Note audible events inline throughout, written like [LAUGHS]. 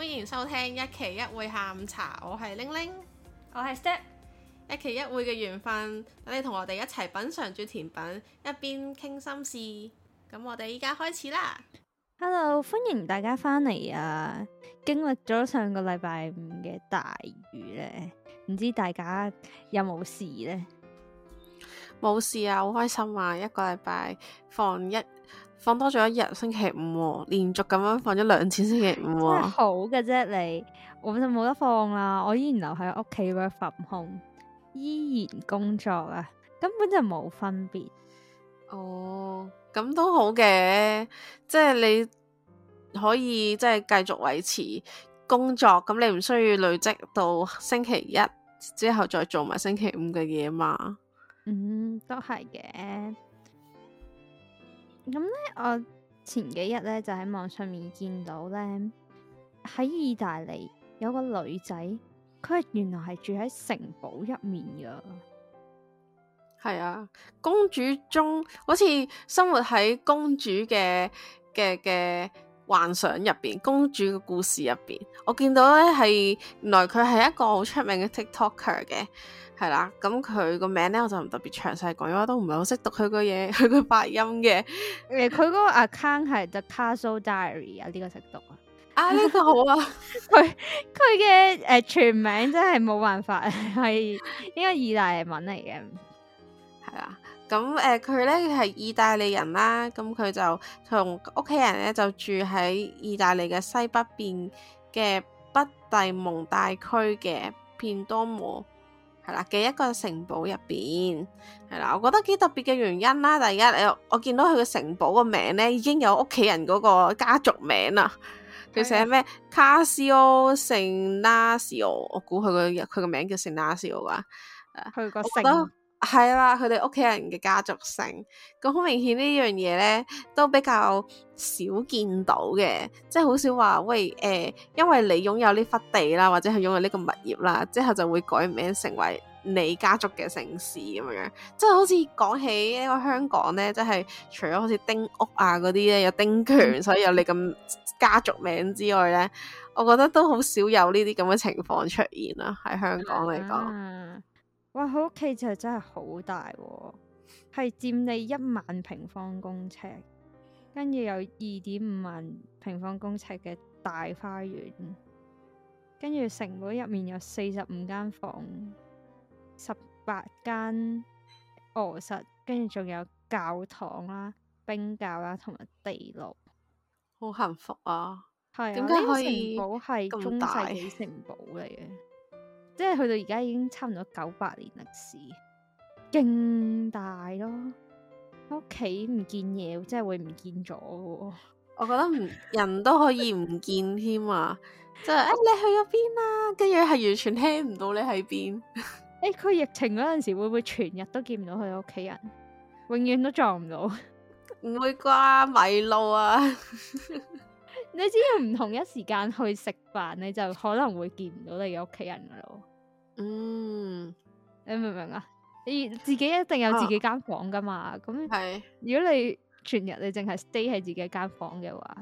歡迎收聽一期一會下午茶，我係玲玲，我係 Step，一期一會嘅緣分，等你同我哋一齊品嘗住甜品，一邊傾心事。咁我哋依家開始啦。Hello，歡迎大家翻嚟啊！經歷咗上個禮拜五嘅大雨咧，唔知大家有冇事呢？冇事啊，好開心啊！一個禮拜放一。放多咗一日，星期五，哦、連續咁樣放咗兩次星期五、哦，真係好嘅啫！你我就冇得放啦，我依然留喺屋企嗰度粉控，依然工作啊，根本就冇分別。哦，咁都好嘅，即係你可以即係繼續維持工作，咁你唔需要累積到星期一之後再做埋星期五嘅嘢嘛？嗯，都係嘅。咁咧、嗯，我前幾日咧就喺網上面見到咧，喺意大利有個女仔，佢原來係住喺城堡入面嘅。係啊，公主中好似生活喺公主嘅嘅嘅幻想入邊，公主嘅故事入邊。我見到咧，係原來佢係一個好出名嘅 TikToker 嘅。係啦，咁佢個名咧，我就唔特別詳細講，因為都唔係好識讀佢個嘢，佢個發音嘅。誒，佢嗰個 account 係 The Castle Diary 啊，呢個識讀啊。啊，呢個好啊。佢佢嘅誒全名真係冇辦法係，應該意大利文嚟嘅。係啦，咁誒，佢咧係意大利人啦，咁佢就同屋企人咧就住喺意大利嘅西北邊嘅北蒂蒙大區嘅片多摩。嗱，嘅一個城堡入邊，係啦，我覺得幾特別嘅原因啦。第一，誒，我見到佢個城堡個名咧已經有屋企人嗰個家族名啦。佢寫咩卡斯歐聖拉斯歐，io，我估佢個佢個名叫聖拉斯歐啩。佢個姓，係啦，佢哋屋企人嘅家族姓。咁好明顯呢樣嘢咧，都比較少見到嘅，即係好少話喂誒，呃，因為你擁有呢塊地啦，或者係擁有呢個物業啦，之後就會改名成為。你家族嘅城市咁樣，即係好似講起呢個香港咧，即係除咗好似丁屋啊嗰啲咧，有丁權，所以有你咁家族名之外咧，我覺得都好少有呢啲咁嘅情況出現啦，喺香港嚟講、啊。哇，佢屋企就真係好大、啊，係佔地一萬平方公尺，跟住有二點五萬平方公尺嘅大花園，跟住城堡入面有四十五間房。十八間臥室，跟住仲有教堂啦、冰窖啦，同埋地牢，好幸福啊！係點解可以？城堡係中世紀城堡嚟嘅， [NOISE] 即係去到而家已經差唔多九百年歷史，勁大咯。屋企唔見嘢，即係會唔見咗。 [LAUGHS] 我覺得唔人都可以唔見添、 [LAUGHS] 就是哎、啊，就誒你去咗邊啊？跟住係完全聽唔到你喺邊。 [LAUGHS] 誒，佢、欸、疫情嗰陣時會唔會全日都見唔到佢屋企人，永遠都撞唔到？ [LAUGHS] 唔會啩，迷路啊！ [LAUGHS] 你只要唔同一時間去食飯，你就可能會見唔到你嘅屋企人噶咯。嗯，你明唔明啊？你自己一定有自己間房噶嘛？咁，如果你全日你淨係 stay 喺自己間房嘅話，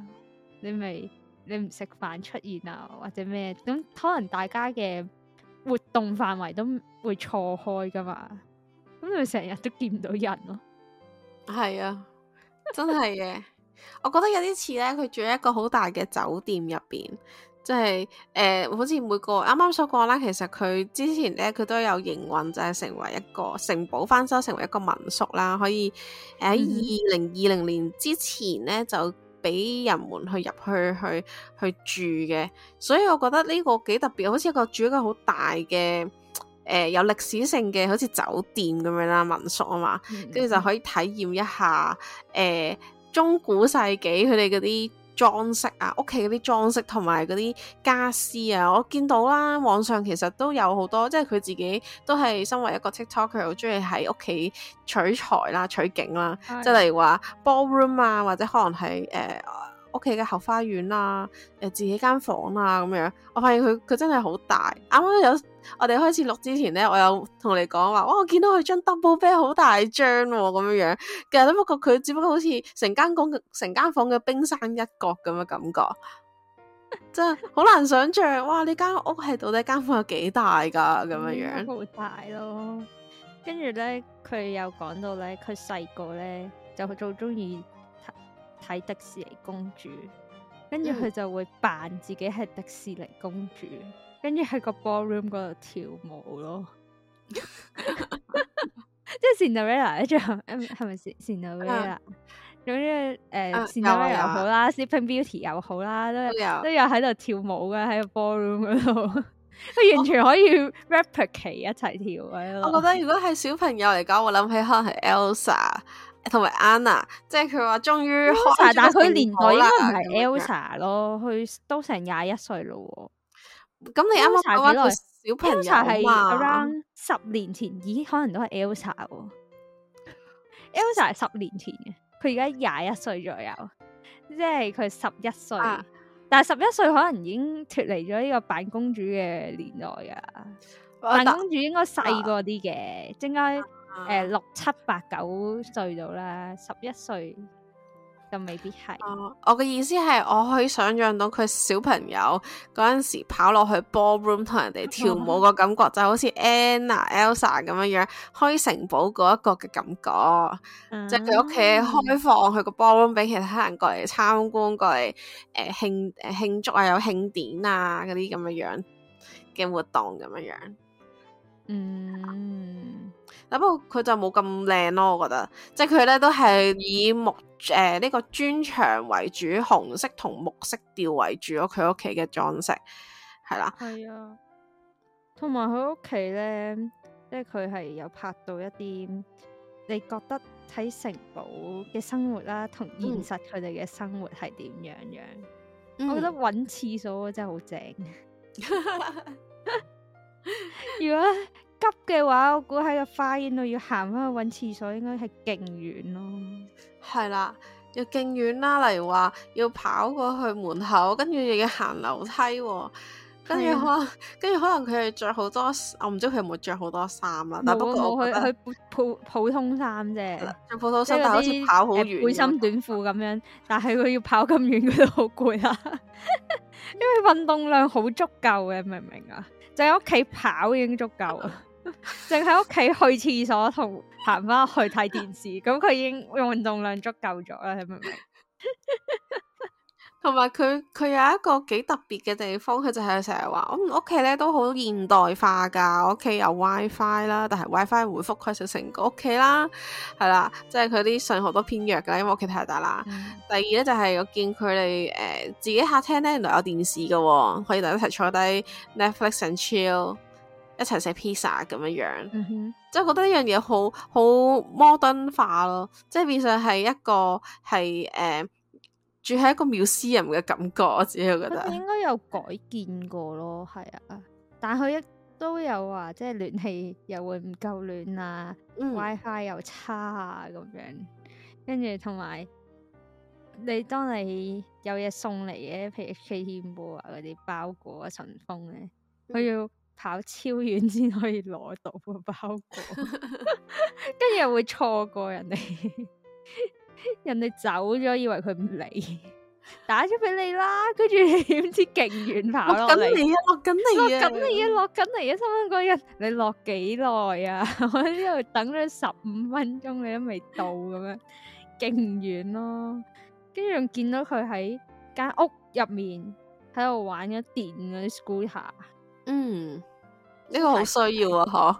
你咪你唔食飯出現啊，或者咩？咁可能大家嘅。活動範圍都會錯開噶嘛，咁佢成日都見唔到人咯。係啊，真係嘅。 [LAUGHS] 我覺得有啲似咧，佢住喺一個好大嘅酒店入邊，即係誒，好似每個啱啱所講啦。其實佢之前咧，佢都有營運，就係、是、成為一個城堡翻修，成、成為一個民宿啦。可以喺二零二零年之前咧、嗯、就。俾人們去入去去去住嘅，所以我覺得呢個幾特別，好似一個住一個好大嘅誒、呃，有歷史性嘅，好似酒店咁樣啦，民宿啊嘛，跟住、嗯、哼就可以體驗一下誒、呃、中古世紀佢哋嗰啲。裝飾啊，屋企嗰啲裝飾同埋嗰啲家私啊，我見到啦，網上其實都有好多，即係佢自己都係身為一個 TikTok 佢好中意喺屋企取材啦、取景啦，即係例如話 ballroom 啊，或者可能係誒、呃屋企嘅後花園啊，誒，自己間房啊，咁樣，我發現佢佢真係好大。啱啱有我哋開始錄之前咧，我有同你講話，我見到佢張 double bed 好大張咁樣樣，其實不過佢只不過好似成間公，成間房嘅冰山一角咁嘅感覺，真係好難想象。 [LAUGHS] 哇！呢間屋係到底間房有幾大噶？咁樣樣好、嗯、大咯。跟住咧，佢又講到咧，佢細個咧就最中意。睇迪士尼公主，跟住佢就會扮自己係迪士尼公主，跟住喺個 ballroom 嗰度跳舞咯。 [LAUGHS] [LAUGHS] 即係 Cinderella 最後，係咪先 Cinderella？、啊、總之誒、呃啊、，Cinderella 有又好啦，Sleeping 有 Beauty 又好啦，都有都有喺度跳舞嘅喺個 ballroom 嗰度，佢 [LAUGHS] 完全可以 replicate 一齊跳嘅、哦、裡我覺得如果係小朋友嚟講，我諗起可能係 Elsa。同埋 Anna，即係佢話終於開晒，就是、說說但佢年代應該唔係 Elsa 咯，佢都成廿一歲咯。咁你啱啱幾耐？小朋友係 around 十年前，已經可能都係 Elsa。Elsa 係十年前嘅，佢而家廿一歲左右，即係佢十一歲。啊、但係十一歲可能已經脫離咗呢個扮公主嘅年代啊！扮的公主應該細個啲嘅，正解、啊。誒，uh, 六七、八九歲到啦，十一歲就未必係。Uh, 我嘅意思係，我可以想象到佢小朋友嗰陣時跑落去 ballroom 同人哋跳舞個感覺，Okay. 就好似 Anna、Elsa 咁樣樣，開城堡嗰一個嘅感覺，即係佢屋企開放佢個 ballroom 俾其他人過嚟參觀，過嚟誒慶慶祝啊，有慶典啊嗰啲咁樣樣嘅活動咁樣樣。嗯。Mm. Uh. 但不過佢就冇咁靚咯，我覺得，即係佢咧都係以木誒呢、呃這個磚牆為主，紅色同木色調為主咯，佢屋企嘅裝飾，係啦。係啊，同埋佢屋企咧，即係佢係有拍到一啲，你覺得喺城堡嘅生活啦、啊，同現實佢哋嘅生活係點樣樣？嗯、我覺得搵廁所真係好正。 [LAUGHS] [LAUGHS] [LAUGHS] 如果～急嘅話，我估喺個花園度要行翻去揾廁所，應該係勁遠咯。係啦，要勁遠啦。例如話要跑過去門口，跟住又要行樓梯，跟住可，跟住可能佢係着好多，我唔知佢有冇着好多衫啊。但係我佢佢普普普通衫啫，着普通衫，但好似跑好遠背心短褲咁樣。但係佢要跑咁遠，佢都好攰呀。因為運動量好足夠嘅，明唔明啊？就喺屋企跑已經足夠。淨喺屋企去廁所同行翻去睇電視，咁佢 [LAUGHS] 已經用運動量足夠咗啦，你明唔明？同埋佢佢有一個幾特別嘅地方，佢就係成日話我屋企咧都好現代化噶，我屋企有 WiFi 啦，Fi，但係 WiFi 回复佢到成個屋企啦，係啦，即係佢啲信號都偏弱噶，因為屋企太大啦。 [LAUGHS] 第二咧就係我見佢哋誒自己客廳咧原來有電視噶，可以大家一齊坐低 Netflix and chill。一齊食 pizza 咁樣樣，即係、嗯、哼覺得呢樣嘢好好 modern 化咯，即係變相係一個係誒、呃、住喺一個 museum 嘅感覺，我自己覺得應該有改建過咯，係啊，但佢一都有話，即係暖氣又會唔夠暖啊、嗯、，WiFi 又差啊咁樣，跟住同埋你當你有嘢送嚟嘅，譬如、H、k t 波啊嗰啲包裹啊，順豐咧，佢要。跑超遠先可以攞到個包裹，跟住又會錯過人哋， [LAUGHS] 人哋走咗以為佢唔嚟，打咗俾你啦，跟住點知勁遠跑你落緊嚟啊！落緊嚟啊！落緊嚟啊！落緊嚟啊！收音嗰日你落幾耐啊？我喺呢度等咗十五分鐘，你都未到咁樣，勁遠咯，跟住仲見到佢喺間屋入面喺度玩咗啲電嗰啲 scooter 嗯，呢、這個好需要啊，嗬，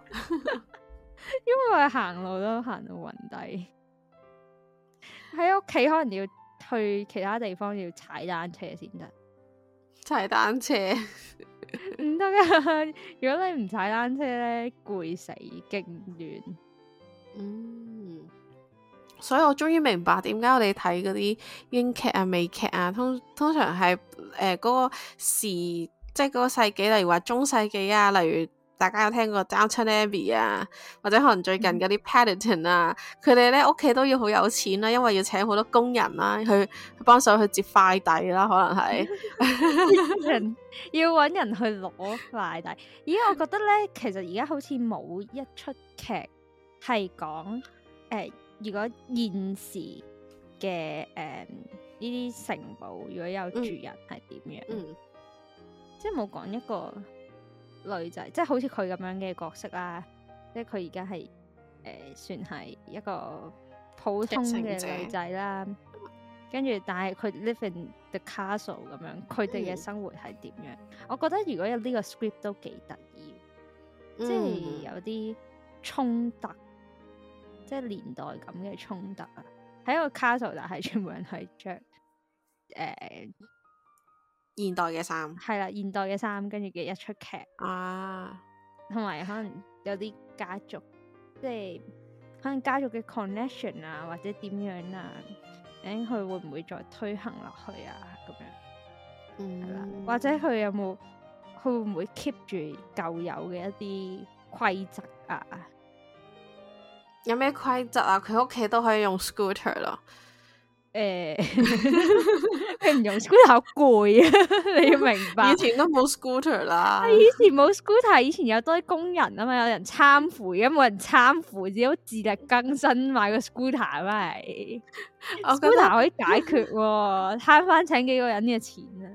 因為行路都行到暈低，喺屋企可能要去其他地方要踩單車先得，踩單車唔得噶，如果你唔踩單車咧，攰死勁亂，嗯，所以我終於明白點解我哋睇嗰啲英劇啊、美劇啊，通通常係誒嗰個時。即係嗰個世紀，例如話中世紀啊，例如大家有聽過 Downton Abbey 啊，或者可能最近嗰啲 Paddington 啊，佢哋咧屋企都要好有錢啦、啊，因為要請好多工人啦、啊，去去幫手去接快遞啦、啊，可能係 [LAUGHS] [LAUGHS] 要搵人去攞快遞。咦，我覺得咧，其實而家好似冇一出劇係講誒，如果現時嘅誒呢啲城堡如果有住人係點樣？嗯嗯即係冇講一個女仔，即係好似佢咁樣嘅角色啦。即係佢而家係誒，算係一個普通嘅女仔啦。正正跟住，但係佢 live in the castle 咁樣，佢哋嘅生活係點樣？嗯、我覺得如果有呢個 script 都幾得意，即係有啲衝突，嗯、即係年代咁嘅衝突啊！喺一個 castle，但係全部人係着誒。呃現代嘅衫係啦，現代嘅衫跟住嘅一出劇啊，同埋可能有啲家族，即係可能家族嘅 connection 啊，或者點樣啊，等佢會唔會再推行落去啊？咁樣，嗯，係啦，或者佢有冇佢會唔會 keep 住舊有嘅一啲規則啊？有咩規則啊？佢屋企都可以用 Scooter 咯。誒，佢唔、欸、 [LAUGHS] 人用 [LAUGHS] scooter 好攰啊！你要明白，以前都冇 scooter 啦。以前冇 scooter，以前有多啲工人啊嘛，有人攙扶，而家冇人攙扶，只好自力更生買個 scooter 翻嚟。scooter 可以解決、啊，慳翻 [LAUGHS] 請幾個人嘅錢啊！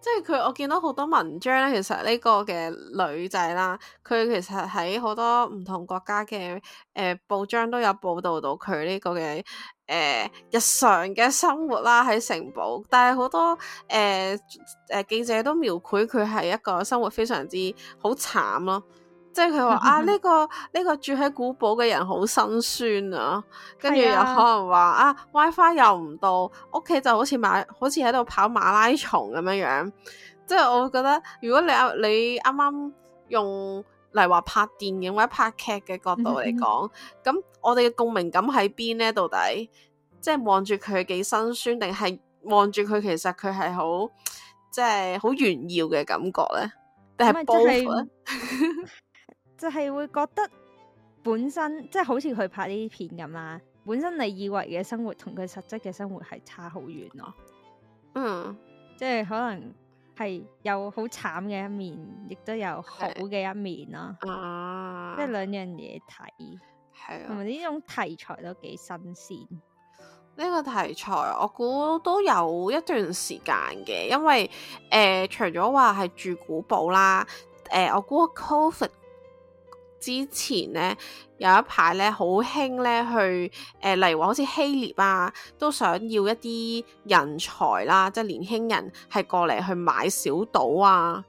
即係佢，我見到好多文章咧，其實呢個嘅女仔啦，佢其實喺好多唔同國家嘅誒、呃、報章都有報道到佢呢個嘅。誒、呃，日常嘅生活啦、啊，喺城堡，但係好多誒誒、呃呃、記者都描繪佢係一個生活非常之好慘咯，即係佢話啊呢、這個呢、這個住喺古堡嘅人好辛酸啊，跟住又可能話 [LAUGHS] 啊 WiFi 又唔到，屋企就好似馬，好似喺度跑馬拉松咁樣樣，即、就、係、是、我覺得如果你啱你啱啱用。例如話拍電影或者拍劇嘅角度嚟講，咁 [LAUGHS] 我哋嘅共鳴感喺邊咧？到底即係望住佢幾辛酸，定係望住佢其實佢係好即係好炫耀嘅感覺咧？定係波咧？就係、是、 [LAUGHS] 會覺得本身即係、就是、好似佢拍呢啲片咁啦，本身你以為嘅生活同佢實質嘅生活係差好遠咯。嗯，即係可能。係有好慘嘅一面，亦都有好嘅一面咯。啊，即係兩樣嘢睇，係同埋呢種題材都幾新鮮。呢個題材我估都有一段時間嘅，因為誒、呃、除咗話係住古堡啦，誒、呃、我估 c o 之前咧有一排咧好興咧去誒、呃，例如話好似希臘啊，都想要一啲人才啦，即係年輕人係過嚟去買小島啊，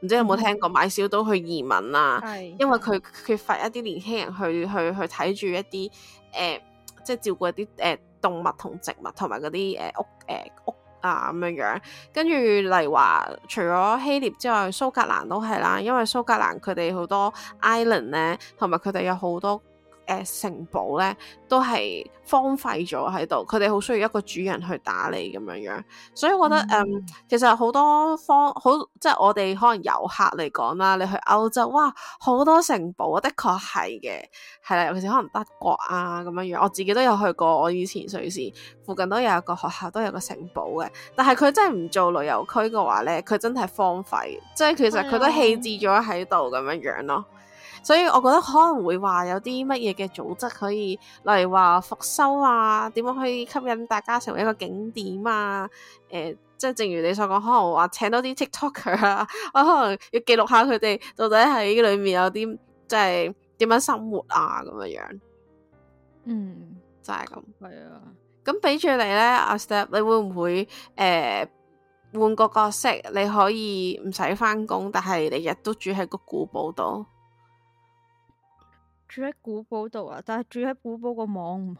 唔知有冇聽過、嗯、買小島去移民啊？係是，因為佢缺乏一啲年輕人去去去睇住一啲誒、呃，即係照顧一啲誒、呃、動物同植物，同埋嗰啲誒屋誒屋。呃屋啊，咁樣樣，跟住例如話，除咗希臘之外，蘇格蘭都係啦，因為蘇格蘭佢哋好多 island 咧，同埋佢哋有好多。誒、呃、城堡咧都係荒廢咗喺度，佢哋好需要一個主人去打理咁樣樣，所以我覺得誒、mm hmm. 呃、其實好多方好，即係我哋可能遊客嚟講啦，你去歐洲哇，好多城堡，的確係嘅，係啦，尤其是可能德國啊咁樣樣，我自己都有去過，我以前瑞士附近都有一個學校，都有個城堡嘅，但係佢真係唔做旅遊區嘅話咧，佢真係荒廢，即係其實佢都棄置咗喺度咁樣樣咯。所以我覺得可能會話有啲乜嘢嘅組織可以例如話復修啊？點樣可以吸引大家成為一個景點啊？誒、呃，即係正如你所講，可能話請多啲 TikToker 啊，我可能要記錄下佢哋到底喺裏面有啲即係點樣生活啊咁樣、嗯、樣。嗯，就係咁，係啊。咁俾住你咧，阿 Step，你會唔會誒換、呃、個角色？你可以唔使翻工，但係你日都住喺個古堡度。住喺古堡度啊，但係住喺古堡個網唔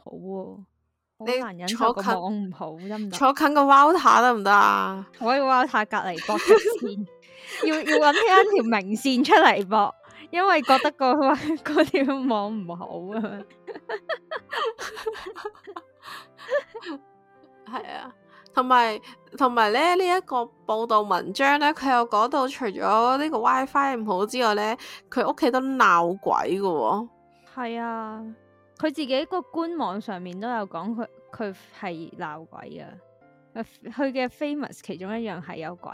好，好難忍受個網唔好，得唔得？坐近個 WiFi 得唔得啊？我喺 WiFi 隔離駁出綫， [LAUGHS] 要要搵翻條明綫出嚟駁，因為覺得個個條網唔好啊。係啊，同埋同埋咧，呢一個報道文章咧，佢又講到除咗呢個 WiFi 唔好之外咧，佢屋企都鬧鬼嘅。係啊，佢自己個官網上面都有講佢，佢係鬧鬼啊。佢嘅 famous 其中一樣係有鬼，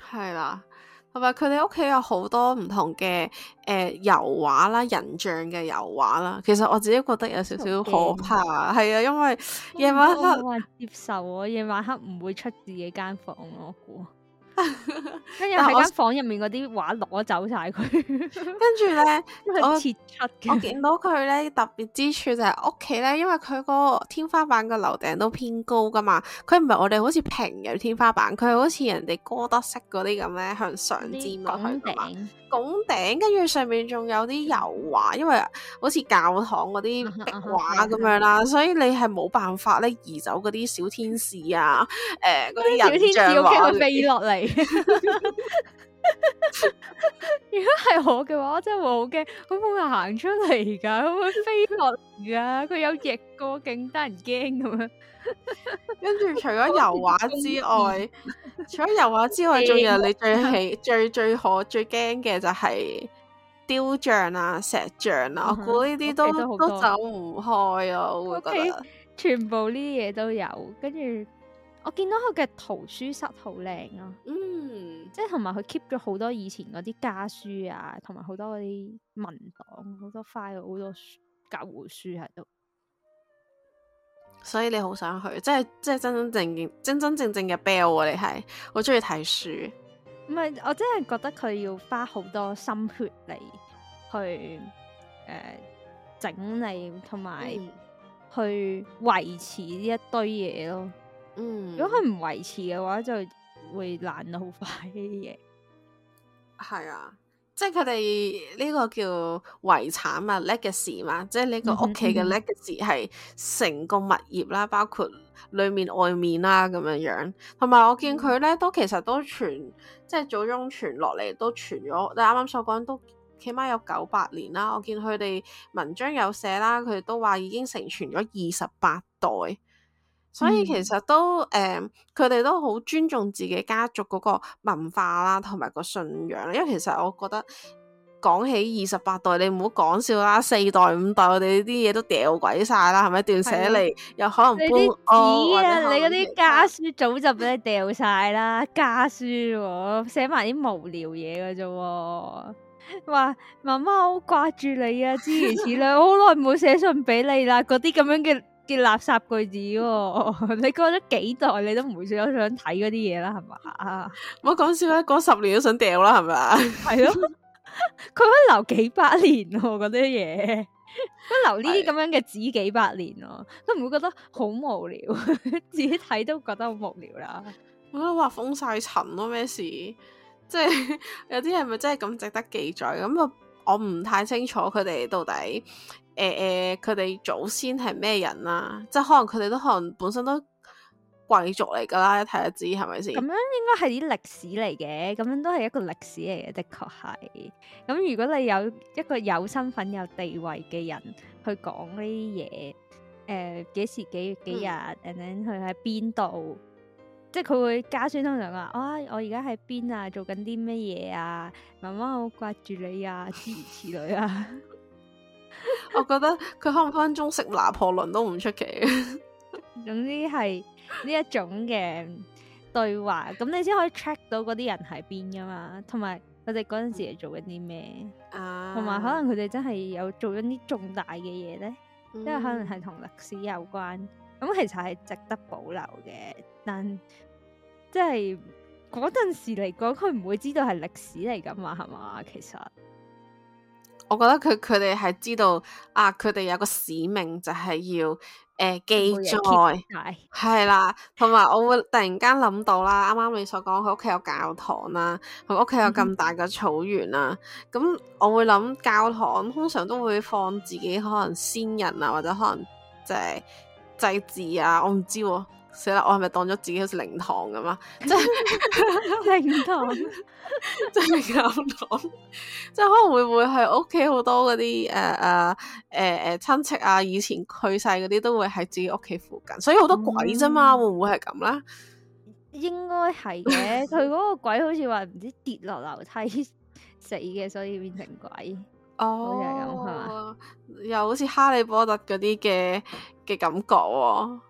係啦、啊，同埋佢哋屋企有好多唔同嘅誒油畫啦、人像嘅油畫啦。其實我自己覺得有少少可怕，係啊，因為夜晚黑、哦哦哦、接受我夜晚黑唔會出自己間房我估。嗯嗯嗯跟住喺間房入面嗰啲畫攞走晒佢，跟住咧因為切出嘅，我見到佢咧特別之處就係屋企咧，因為佢個天花板個樓頂都偏高噶嘛，佢唔係我哋好似平嘅天花板，佢係好似人哋哥德式嗰啲咁咧向上尖落去頂。拱頂，跟住上面仲有啲油畫，因為好似教堂嗰啲壁畫咁樣啦， [LAUGHS] 所以你係冇辦法咧移走嗰啲小天使啊，誒嗰啲小天使要飛落嚟。 [LAUGHS] [LAUGHS] 如果係我嘅話，我真係會好驚，佢會行出嚟噶，佢會，會飛落嚟噶，佢有翼個，勁得人驚咁樣。 [LAUGHS] 跟住除咗油畫之外， [LAUGHS] 除咗油畫之外，仲 [LAUGHS] 有你最喜、最最可、最驚嘅就係雕像啊、石像啊。我估呢啲都、嗯、哼都走唔開啊，我會覺得全部呢啲嘢都有。跟住。我見到佢嘅圖書室好靚啊，嗯，即係同埋佢 keep 咗好多以前嗰啲家書啊，同埋好多嗰啲文檔，好多 file，好多舊書喺度，所以你好想去，即係即係真真正，真正正真真正正嘅 Belle 啊！你係好中意睇書，唔係我真係覺得佢要花好多心血嚟去誒、呃、整理同埋去維持呢一堆嘢咯。嗯，如果佢唔維持嘅話，就會爛得好快呢啲嘢。係、嗯、啊，即係佢哋呢個叫遺產啊，legacy 嘛，即係呢個屋企嘅 legacy 係成個物業啦，嗯、包括裏面外面啦、啊、咁樣樣。同埋我見佢咧都其實都傳，即係祖宗傳落嚟都傳咗，你啱啱所講都起碼有九百年啦。我見佢哋文章有寫啦，佢哋都話已經成傳咗二十八代。所以其實都誒，佢、嗯、哋都好尊重自己家族嗰個文化啦，同埋個信仰。因為其實我覺得講起二十八代，你唔好講笑啦，四代五代，我哋啲嘢都掉鬼晒啦，係咪？斷寫嚟，又可能你啲紙啊，你嗰啲家書早就俾你掉晒啦， [LAUGHS] 家書寫埋啲無聊嘢噶啫。話媽媽好掛住你啊，諸如此類，好耐冇寫信俾你啦，嗰啲咁樣嘅。嘅垃圾句子，哦， [LAUGHS] 你過咗幾代，你都唔會想想睇嗰啲嘢啦，係嘛？唔好講笑啦，嗰十年都想掉啦，係咪啊？係咯，佢可以留幾百年咯，哦，嗰啲嘢，可 [LAUGHS] 留呢啲咁樣嘅紙幾百年咯，哦，是都唔會覺得好無聊， [LAUGHS] 自己睇都覺得好無聊啦。我覺得話封晒塵咯，咩，啊、事？即 [LAUGHS] 係 [LAUGHS] 有啲係咪真係咁值得記載？咁 [LAUGHS] 我我唔太清楚佢哋到底，誒誒，佢哋、欸欸、祖先係咩人啊？即係可能佢哋都可能本身都貴族嚟噶啦，一睇就知係咪先？咁樣應該係啲歷史嚟嘅，咁樣都係一個歷史嚟嘅，的確係。咁如果你有一個有身份、有地位嘅人去講呢啲嘢，誒、呃，幾時幾幾日等等，d 去喺邊度？即係佢會加孫通常話：啊，我而家喺邊啊，做緊啲咩嘢啊？媽媽好掛住你啊，諸如此類啊。 [LAUGHS] [LAUGHS] 我覺得佢可能分鐘識拿破崙都唔出奇，總之係呢一種嘅對話，咁 [LAUGHS] 你先可以 check 到嗰啲人喺邊噶嘛，同埋佢哋嗰陣時係做緊啲咩，同埋、啊、可能佢哋真係有做緊啲重大嘅嘢咧，嗯、因為可能係同歷史有關，咁其實係值得保留嘅，但即係嗰陣時嚟講，佢唔會知道係歷史嚟噶嘛，係嘛，其實。我覺得佢佢哋係知道啊，佢哋有個使命就係、是、要誒、呃、記載，係 [MUSIC] 啦，同埋我會突然間諗到啦，啱啱你所講佢屋企有教堂啦、啊，佢屋企有咁大嘅草原啦、啊，咁、嗯、我會諗教堂通常都會放自己可能先人啊，或者可能即係祭祀啊，我唔知喎、啊。死啦！Tyard，我係咪當咗自己好似靈堂咁啊？即係靈堂，即係靈堂，即係可能會唔會係屋企好多嗰啲誒誒誒誒親戚啊？以前去世嗰啲都會喺自己屋企附近，所以好多鬼啫嘛？會唔會係咁咧？應該係嘅，佢嗰個鬼好似話唔知跌落樓梯 [LAUGHS] 死嘅，所以變成鬼哦，又係咁係嘛？又好似哈利波特嗰啲嘅嘅感覺喎。 [LAUGHS] [NOISE]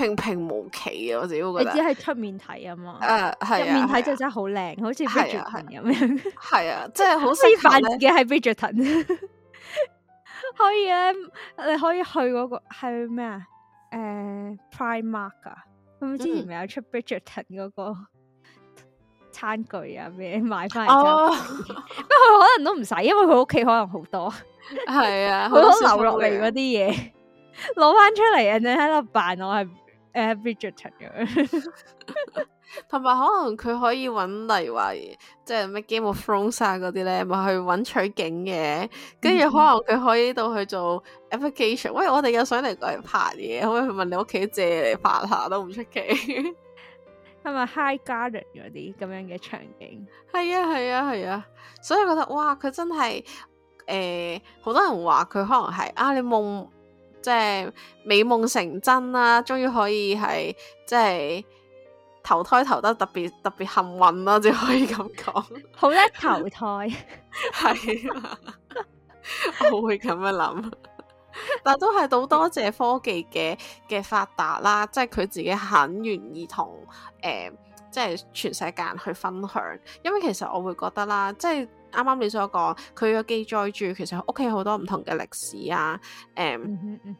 平平無奇啊，我自己覺得。你只係出面睇啊嘛，入、uh, 啊、面睇就真係好靚，啊、好似 Bridgerton 咁樣。係啊，即係好識扮自己係 Bridgerton。 [LAUGHS] 可以咧、啊，你可以去嗰、那個係咩啊？誒、uh,，Primark e m 啊，咁、mm hmm. 之前咪有出 Bridgerton 嗰個餐具啊，咩買翻嚟？不過、oh. [LAUGHS] 可能都唔使，因為佢屋企可能好多。係 [LAUGHS] 啊，好多 [LAUGHS] 留落嚟嗰啲嘢，攞翻 [LAUGHS] [LAUGHS] 出嚟，你喺度扮我係。a v 同埋可能佢可以揾例如話，即係咩 Game of Thrones 嗰啲咧，咪去揾取景嘅，跟住可能佢可以到去做 application。喂，我哋有想嚟過嚟拍嘢，可，可以去問你屋企借嚟拍下都唔出奇。係咪 High Garden 嗰啲咁樣嘅場景？係 [LAUGHS] 啊，係啊，係啊，啊，所以覺得哇，佢真係誒，好、呃、多人話佢可能係啊，你夢。即係美夢成真啦、啊，終於可以係即係投胎投得特別特別幸運囉、啊，只可以咁講，好叻投胎，係啊 [LAUGHS] 嗎， [LAUGHS] 我會咁樣諗， [LAUGHS] 但都係好多謝科技嘅嘅發達啦，即係佢自己肯願意同誒。呃即係全世界去分享，因為其實我會覺得啦，即係啱啱你所講，佢嘅記載住其實屋企好多唔同嘅歷史啊，誒、嗯，咁、嗯嗯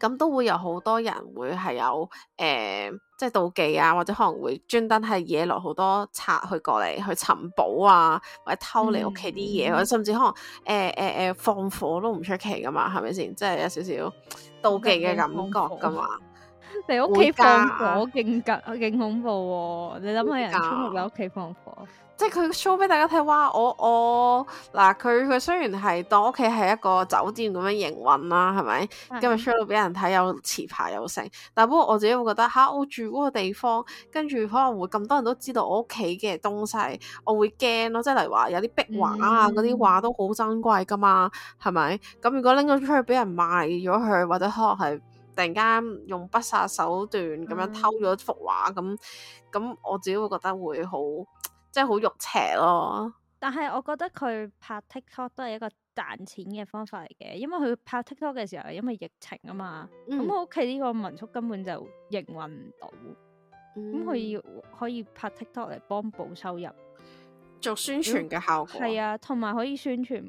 嗯、都會有好多人會係有誒、呃，即係妒忌啊，或者可能會專登係惹落好多賊去過嚟去尋寶啊，或者偷你屋企啲嘢，嗯嗯或者甚至可能誒誒誒放火都唔出奇噶嘛，係咪先？即係有少少妒忌嘅感覺噶嘛、嗯？嗯嗯嗯嗯嗯你屋企放火，勁急啊，勁恐怖喎！你諗下人衝入你屋企放火，吧即係佢 show 俾大家睇，哇！我我嗱，佢佢雖然係當屋企係一個酒店咁樣營運啦，係咪？咁咪 show 到俾人睇有磁牌，有成。但係不過我自己會覺得，吓我住嗰個地方，跟住可能會咁多人都知道我屋企嘅東西，我會驚咯。即係例如話有啲壁畫啊，嗰啲畫都好珍貴噶嘛，係咪？咁如果拎咗出去俾人賣咗佢，或者可能係。突然間用不殺手段咁樣偷咗幅畫，咁咁、嗯、我自己會覺得會好即係好肉赤咯。但係我覺得佢拍 TikTok 都係一個賺錢嘅方法嚟嘅，因為佢拍 TikTok 嘅時候係因為疫情啊嘛。咁、嗯、我屋企呢個民宿根本就營運唔到，咁佢要可以拍 TikTok 嚟幫補收入，做宣傳嘅效果係、嗯、啊，同埋可以宣傳。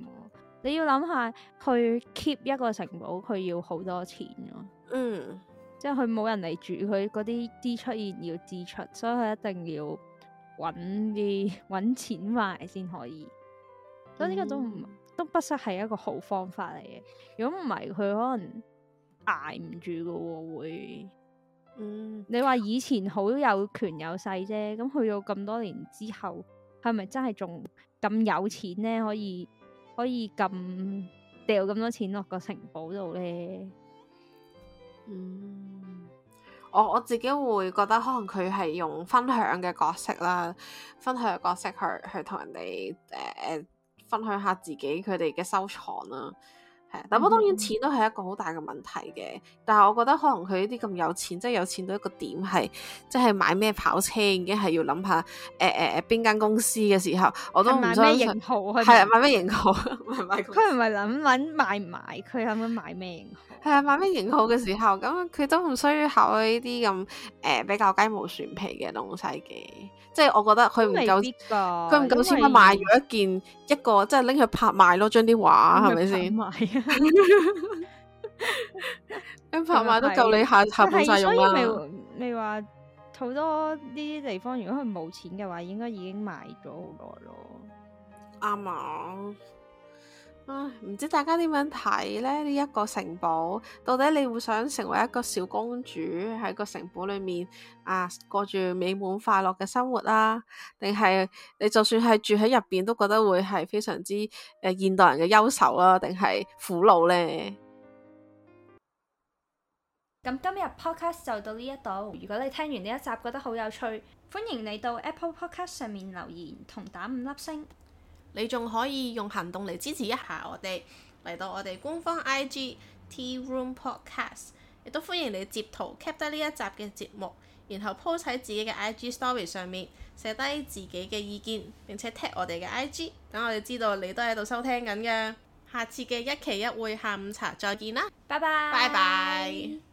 你要諗下去 keep 一個城堡，佢要好多錢㗎。嗯，即係佢冇人嚟住，佢嗰啲支出現要支出，所以佢一定要搵啲搵錢埋先可以。所以呢個都唔、嗯、都不失係一個好方法嚟嘅。如果唔係，佢可能挨唔住噶會。嗯，你話以前好有權有勢啫，咁去到咁多年之後，係咪真係仲咁有錢咧？可以可以咁掉咁多錢落個城堡度咧？嗯，我我自己會覺得可能佢係用分享嘅角色啦，分享嘅角色去去同人哋誒，呃，分享下自己佢哋嘅收藏啦。係，但係不當然錢都係一個好大嘅問題嘅，嗯、哼但係我覺得可能佢呢啲咁有錢，即係有錢到一個點係，即係買咩跑車已經係要諗下，誒誒誒邊間公司嘅時候，我都唔想。型號係啊，買咩型號？佢唔係諗諗買唔買？佢諗緊買咩？型係啊，買咩型號嘅 [LAUGHS] 時候，咁佢都唔需要考慮呢啲咁誒比較雞毛蒜皮嘅東西嘅，即係我覺得佢唔夠，佢唔夠錢去買咗一件一個，即係拎去拍賣咯，將啲畫係咪先？ [LAUGHS] 一拍買都夠你下下半晒用啦。未話好多呢啲地方，如果佢冇錢嘅話，應該已經賣咗好耐咯。啱啊、嗯。嗯啊，唔知大家點樣睇呢？呢、呢、一個城堡，到底你會想成為一個小公主喺個城堡裏面啊，過住美滿快樂嘅生活啊？定係你就算係住喺入邊，都覺得會係非常之誒、呃、現代人嘅憂愁啊？定係苦惱呢？咁今日 podcast 就到呢一度。如果你聽完呢一集覺得好有趣，歡迎你到 Apple Podcast 上面留言同打五粒星。你仲可以用行動嚟支持一下我哋，嚟到我哋官方 IG Tea Room Podcast，亦都歡迎你截圖，keep 低呢一集嘅節目，然後 po 喺自己嘅 IG Story 上面，寫低自己嘅意見，並且 tag 我哋嘅 IG，等我哋知道你都喺度收聽緊嘅。下次嘅一期一會下午茶，再見啦，拜拜，拜拜。